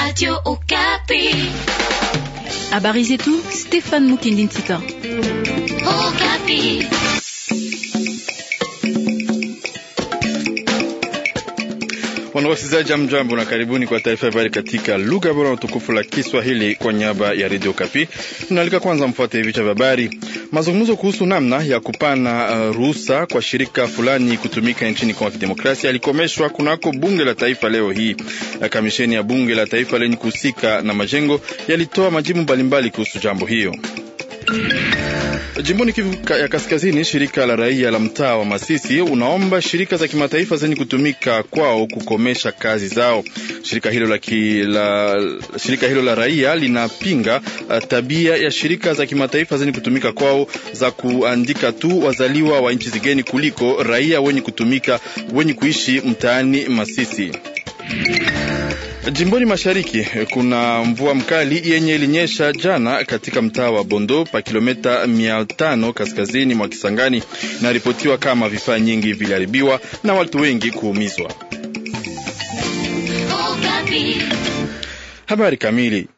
Radio Okapi. Habari zetu Stefan Mukindintika. Okapi. Wanawasizaji mjambo na karibuni kwa taarifa ya habari katika lugha bora na tukufu la Kiswahili kwa niaba ya radio Kapi. Tunaalika kwanza mfuate vichwa vya habari. Mazungumzo kuhusu namna ya kupana uh, ruhusa kwa shirika fulani kutumika nchini Kongo ya Kidemokrasia yalikomeshwa kunako bunge la taifa leo hii. Uh, kamisheni ya bunge la taifa lenye kuhusika na majengo yalitoa majibu mbalimbali kuhusu jambo hiyo. Jimboni Kivu ya Kaskazini, shirika la raia la mtaa wa Masisi unaomba shirika za kimataifa zenye kutumika kwao kukomesha kazi zao. Shirika hilo la, ki, la, shirika hilo la raia linapinga uh, tabia ya shirika za kimataifa zenye kutumika kwao za kuandika tu wazaliwa wa nchi zigeni kuliko raia wenye kutumika wenye kuishi mtaani Masisi. Jimboni mashariki kuna mvua mkali yenye ilinyesha jana katika mtaa wa Bondo pa mia tano kaskazini mwa Kisangani, inaripotiwa kama vifaa nyingi viliharibiwa na watu wengi kuumizwa. Oh, Habari kamili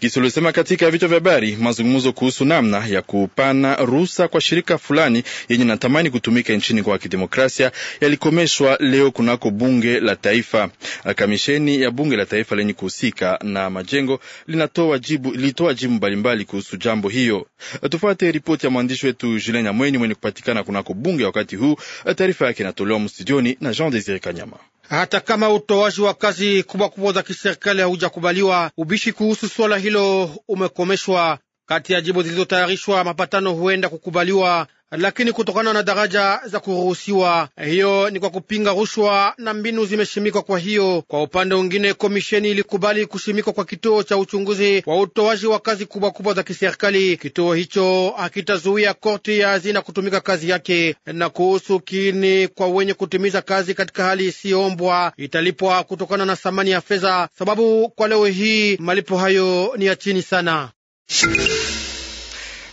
Gisi ulisema katika vichwa vya habari mazungumzo kuhusu namna ya kupana ruhusa kwa shirika fulani yenye natamani kutumika nchini kwa kidemokrasia yalikomeshwa leo kunako bunge la taifa. Kamisheni ya bunge la taifa lenye kuhusika na majengo linatoa jibu, lilitoa jibu mbalimbali kuhusu jambo hiyo. Tufuate ripoti ya mwandishi wetu Julien Nyamweni mwenye kupatikana kunako bunge wakati huu. Taarifa yake inatolewa mstudioni na Jean Desire Kanyama hata kama utoaji wa kazi kubwa kubwa za kiserikali haujakubaliwa. Ubishi kuhusu swala hilo umekomeshwa. Kati ya jimbo zilizotayarishwa, mapatano huenda kukubaliwa lakini kutokana na daraja za kuruhusiwa, hiyo ni kwa kupinga rushwa na mbinu zimeshimikwa. Kwa hiyo, kwa upande mwingine, komisheni ilikubali kushimikwa kwa kituo cha uchunguzi wa utoaji wa kazi kubwa kubwa za kiserikali. Kituo hicho hakitazuia korti ya hazina kutumika kazi yake, na kuhusu kiini kwa wenye kutimiza kazi katika hali isiyoombwa, italipwa kutokana na thamani ya fedha, sababu kwa leo hii malipo hayo ni ya chini sana.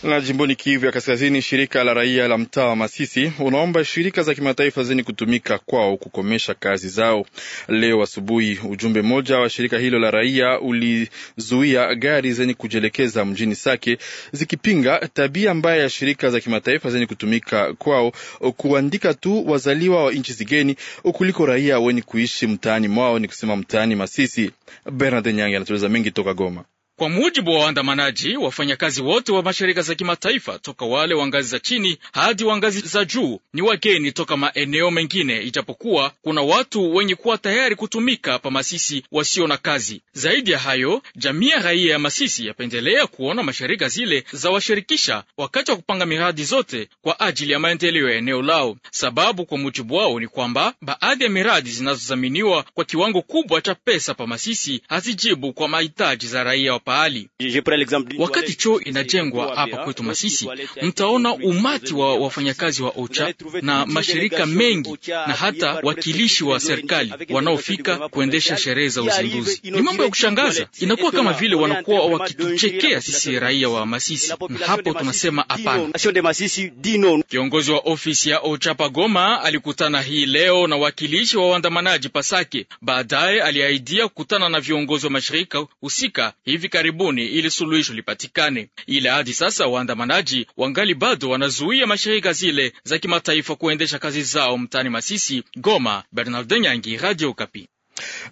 Na jimboni Kivu ya Kaskazini, shirika la raia la mtaa wa Masisi unaomba shirika za kimataifa zenye kutumika kwao kukomesha kazi zao. Leo asubuhi, ujumbe mmoja wa shirika hilo la raia ulizuia gari zenye kujielekeza mjini Sake zikipinga tabia mbaya ya shirika za kimataifa zenye kutumika kwao kuandika tu wazaliwa wa nchi zigeni kuliko raia wenye kuishi mtaani mwao, ni kusema mtaani Masisi. Bernard Nyange anatueleza mengi toka Goma. Kwa mujibu wa waandamanaji, wafanyakazi wote wa mashirika za kimataifa toka wale wa ngazi za chini hadi wa ngazi za juu ni wageni toka maeneo mengine, ijapokuwa kuna watu wenye kuwa tayari kutumika pa Masisi wasio na kazi. Zaidi ya hayo, jamii ya raia ya Masisi yapendelea kuona mashirika zile za washirikisha wakati wa kupanga miradi zote kwa ajili ya maendeleo ya eneo lao, sababu kwa mujibu wao ni kwamba baadhi ya miradi zinazodhaminiwa kwa kiwango kubwa cha pesa pa Masisi hazijibu kwa mahitaji za raia wa pahali. Wakati choo inajengwa hapa kwetu Masisi, mtaona umati wa wafanyakazi wa OCHA na mashirika mengi na hata wakilishi wa serikali wanaofika kuendesha sherehe za uzinduzi. Ni mambo ya kushangaza, inakuwa kama vile wanakuwa wakituchekea sisi raia wa Masisi, na hapo tunasema hapana. Kiongozi wa ofisi ya OCHA Pagoma Goma alikutana hii leo na wakilishi wa waandamanaji Pasake. Baadaye aliahidia kukutana na viongozi wa mashirika husika hivi karibuni ili suluhisho lipatikane, ila hadi sasa waandamanaji wangali bado wanazuia mashirika zile za kimataifa kuendesha kazi zao mtaani Masisi, Goma. Bernardin Nyangi, Radio Kapi.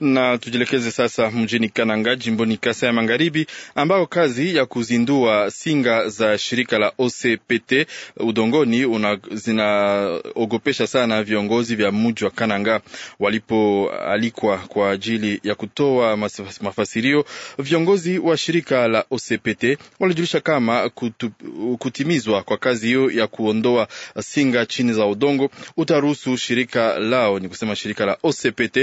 Na tujielekeze sasa mjini Kananga, jimboni Kasa ya Magharibi, ambao kazi ya kuzindua singa za shirika la OCPT udongoni zinaogopesha sana viongozi vya mji wa Kananga. Walipoalikwa kwa ajili ya kutoa mafasirio, viongozi wa shirika la OCPT walijulisha kama kutu, kutimizwa kwa kazi hiyo ya kuondoa singa chini za udongo utaruhusu shirika lao, ni kusema shirika la OCPT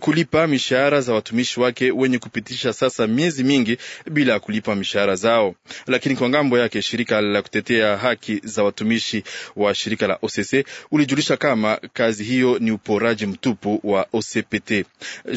kulipa kulipa mishahara za watumishi wake wenye kupitisha sasa miezi mingi bila ya kulipa mishahara zao. Lakini kwa ngambo yake, shirika la kutetea haki za watumishi wa shirika la OCC ulijulisha kama kazi hiyo ni uporaji mtupu wa OCPT.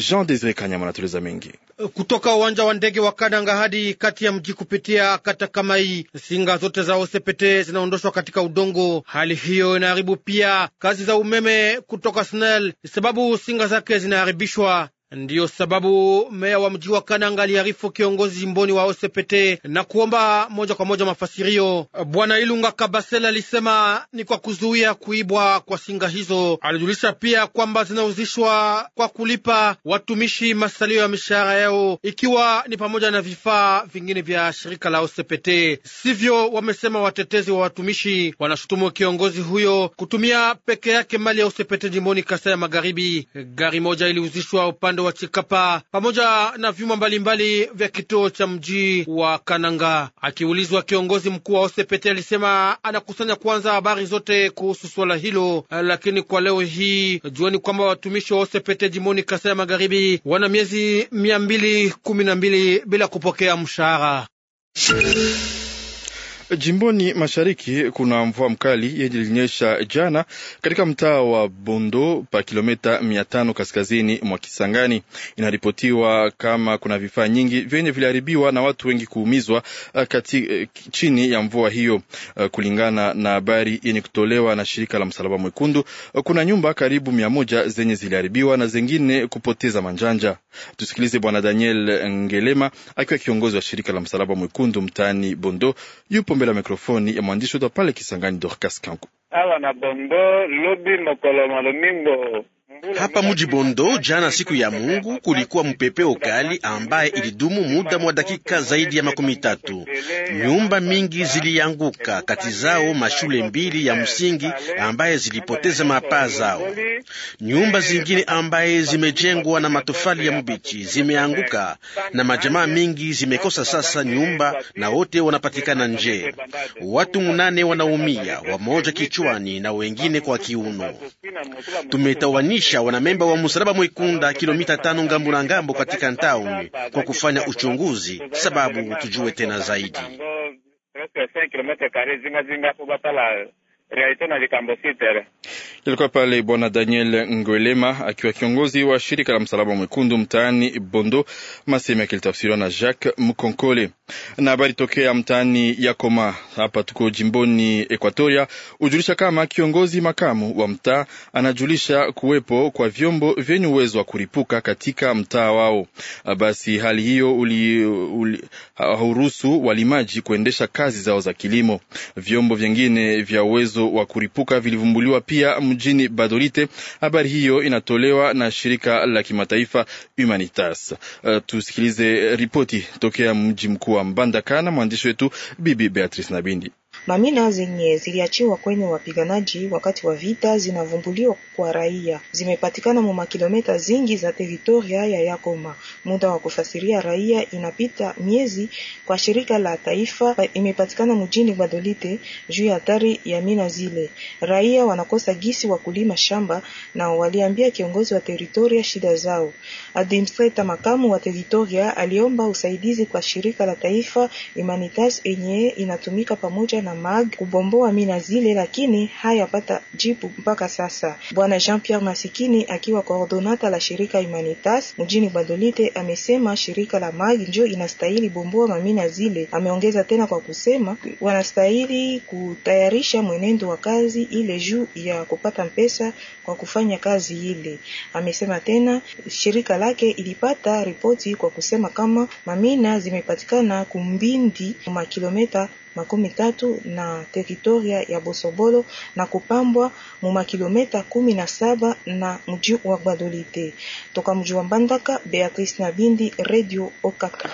Jean Desire Kanyama anatueleza mengi kutoka uwanja wa ndege wa Kananga hadi kati ya mji kupitia kata kama hii, singa zote za ocpt zinaondoshwa katika udongo. Hali hiyo inaharibu pia kazi za umeme kutoka SNEL sababu singa zake zinaharibishwa. Ndiyo sababu meya wa mji wa Kananga aliarifu kiongozi mboni wa Osepete na kuomba moja kwa moja mafasirio. Bwana Ilunga Kabasela alisema ni kwa kuzuia kuibwa kwa singa hizo. Alijulisha pia kwamba zinauzishwa kwa kulipa watumishi masalio ya mishahara yao, ikiwa ni pamoja na vifaa vingine vya shirika la Osepete. Sivyo wamesema watetezi wa watumishi, wanashutumu kiongozi huyo kutumia peke yake mali ya Osepete jimboni Kasai ya Magharibi. Gari moja iliuzishwa upande upande wa Chikapa pamoja na vyuma mbalimbali vya kituo cha mji wa Kananga. Akiulizwa, kiongozi mkuu wa Osepete alisema anakusanya kwanza habari zote kuhusu swala hilo, lakini kwa leo hii jioni kwamba watumishi wa Osepete jimoni Kasai ya Magharibi wana miezi mia mbili kumi na mbili bila kupokea mshahara. Jimboni mashariki kuna mvua mkali yenye ilinyesha jana katika mtaa wa Bondo pa kilomita mia tano kaskazini mwa Kisangani. Inaripotiwa kama kuna vifaa nyingi vyenye viliharibiwa na watu wengi kuumizwa uh, kati, uh, chini ya mvua hiyo. Uh, kulingana na habari yenye kutolewa na shirika la Msalaba Mwekundu, kuna nyumba karibu mia moja zenye ziliharibiwa na zengine kupoteza manjanja. Tusikilize Bwana Daniel Ngelema akiwa kiongozi wa shirika la Msalaba Mwekundu mtaani Bondo yupo mbele ya mikrofoni ya mwandishi wetu pale Kisangani, Dorcas Kanku. awa na bongo lobi mokolo malomimbo hapa mujibondo jana siku ya Mungu kulikuwa mupepeo kali ambaye ilidumu muda mwa dakika zaidi ya makumi tatu. Nyumba mingi zilianguka, kati zao mashule mbili ya msingi ambaye zilipoteza mapaa zao. Nyumba zingine ambaye zimejengwa na matofali ya mubichi zimeanguka, na majamaa mingi zimekosa sasa nyumba, na wote wanapatikana nje. Watu munane wanaumia, wamoja kichwani na wengine kwa kiuno. Tumetawanisha kisha wanamemba wa msalaba mwekunda kilomita tano ngambo na ngambo katika ntauni kwa kufanya uchunguzi, sababu tujue tena zaidi. Ilikuwa pale Bwana Daniel Ngwelema akiwa kiongozi wa shirika la Msalaba Mwekundu mtaani Bondo, masehemu yakilitafsiriwa na Jacques Mkonkole. Na habari tokea mtaani Yakoma, hapa tuko jimboni Ekuatoria, hujulisha kama kiongozi makamu wa mtaa anajulisha kuwepo kwa vyombo vyenye uwezo wa kuripuka katika mtaa wao. Basi hali hiyo hauruhusu walimaji kuendesha kazi zao za kilimo. Vyombo vyengine vya uwezo mchezo wa kuripuka vilivumbuliwa pia mjini Badolite. Habari hiyo inatolewa na shirika la kimataifa Humanitas. Uh, tusikilize ripoti tokea mji mkuu wa Mbandaka na mwandishi wetu Bibi Beatrice Nabindi. Mamina zenye ziliachiwa kwenye wapiganaji wakati wa vita zinavumbuliwa kwa raia, zimepatikana mu makilometa zingi za teritoria ya Yakoma. Muda wa kufasiria raia inapita miezi kwa shirika la taifa imepatikana mjini Badolite juu ya hatari ya mina zile. Raia wanakosa gisi wa kulima shamba na waliambia kiongozi wa teritoria shida zao. Administrator makamu wa teritoria aliomba usaidizi kwa shirika la taifa Humanitas enye inatumika pamoja na na mag kubomboa mina zile, lakini hayapata jibu mpaka sasa. Bwana Jean Pierre Masikini akiwa koordonata la shirika Humanitas mjini Badolite amesema shirika la mag ndio inastahili bomboa mamina zile. Ameongeza tena kwa kusema wanastahili kutayarisha mwenendo wa kazi ile juu ya kupata mpesa kwa kufanya kazi ile. Amesema tena shirika lake ilipata ripoti kwa kusema kama mamina zimepatikana Kumbindi ma kilomita makumi tatu na teritoria ya Bosobolo na kupambwa mu makilometa kumi na saba na mji wa Gbadolite. Toka mji wa Mbandaka, Beatrice Nabindi, Radio Okaka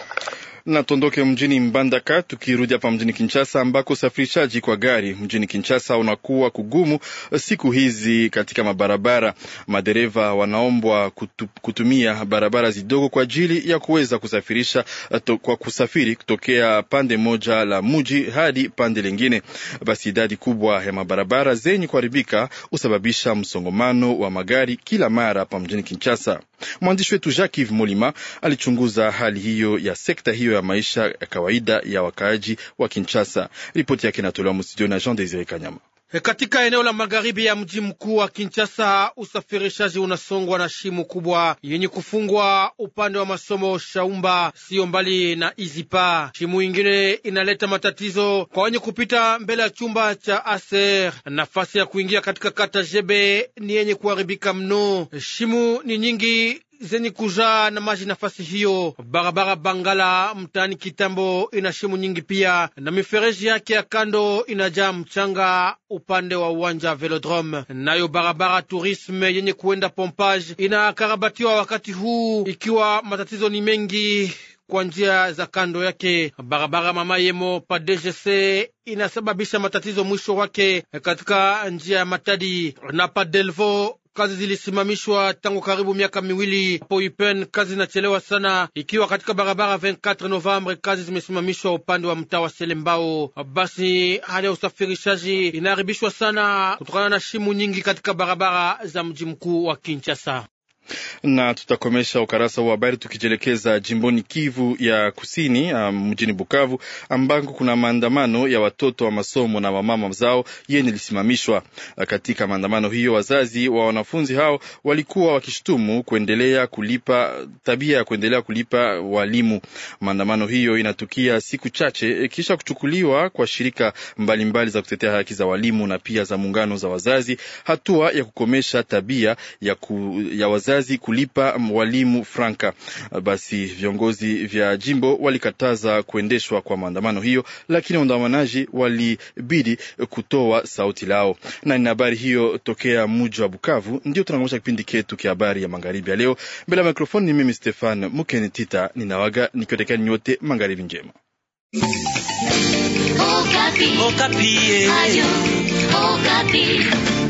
na tuondoke mjini Mbandaka tukirudi hapa mjini Kinshasa, ambako usafirishaji kwa gari mjini Kinshasa unakuwa kugumu siku hizi katika mabarabara. Madereva wanaombwa kutu, kutumia barabara zidogo kwa ajili ya kuweza kusafirisha to, kwa kusafiri kutokea pande moja la mji hadi pande lingine. Basi idadi kubwa ya mabarabara zenye kuharibika husababisha msongamano wa magari kila mara hapa mjini Kinshasa. Mwandishi wetu Jacques Yves Molima alichunguza hali hiyo ya sekta hiyo ya maisha ya kawaida ya wakaaji wa Kinshasa. Ripoti yake inatolewa mstudio na Jean Desire Kanyama. E, katika eneo la magharibi ya mji mkuu wa Kinshasa, usafirishaji unasongwa na shimo kubwa yenye kufungwa upande wa masomo Shaumba, siyo mbali na Izipa. shimu ingine inaleta matatizo kwa wenye kupita mbele ya chumba cha Aser. Nafasi ya kuingia katika kata Jebe ni yenye kuharibika mno. shimu ni nyingi zenye kuzaa na maji. Nafasi hiyo barabara Bangala mtaani Kitambo ina shimu nyingi pia, na mifereji yake ya kando inajaa mchanga upande wa uwanja Velodrome. Nayo barabara Tourisme yenye kuenda Pompage inakarabatiwa wakati huu, ikiwa matatizo ni mengi kwa njia za kando yake. Barabara Mama Yemo pa DGC inasababisha matatizo mwisho wake katika njia ya Matadi na pa Delvo kazi zilisimamishwa tangu karibu miaka miwili po Ipen. Kazi zinachelewa sana, ikiwa katika barabara 24 Novembre kazi zimesimamishwa upande wa mtaa wa Selembao. Basi hali ya usafirishaji inaharibishwa sana kutokana na shimu nyingi katika barabara za mji mkuu wa Kinshasa na tutakomesha ukarasa wa habari tukijielekeza jimboni Kivu ya Kusini, ah, mjini Bukavu ambako kuna maandamano ya watoto wa masomo na wamama zao yenye lisimamishwa. Katika maandamano hiyo, wazazi wa wanafunzi hao walikuwa wakishutumu kuendelea kulipa tabia ya kuendelea kulipa walimu. Maandamano hiyo inatukia siku chache eh, kisha kuchukuliwa kwa shirika mbalimbali mbali za kutetea haki za walimu na pia za muungano za wazazi hatua ya kukomesha tabia ya, ku, ya wazazi kazi kulipa walimu franka. Uh, basi viongozi vya jimbo walikataza kuendeshwa kwa maandamano hiyo, lakini waandamanaji walibidi kutoa sauti lao. Na ni habari hiyo tokea mji wa Bukavu ndio tunangosha kipindi ketu kia habari ya magharibi ya leo. Mbele ya mikrofoni ni mimi Stefan Mukeni Tita, ninawaga nikiwatakieni nyote magharibi njema. Okapi. Okapi. Eh. Ayu, Okapi.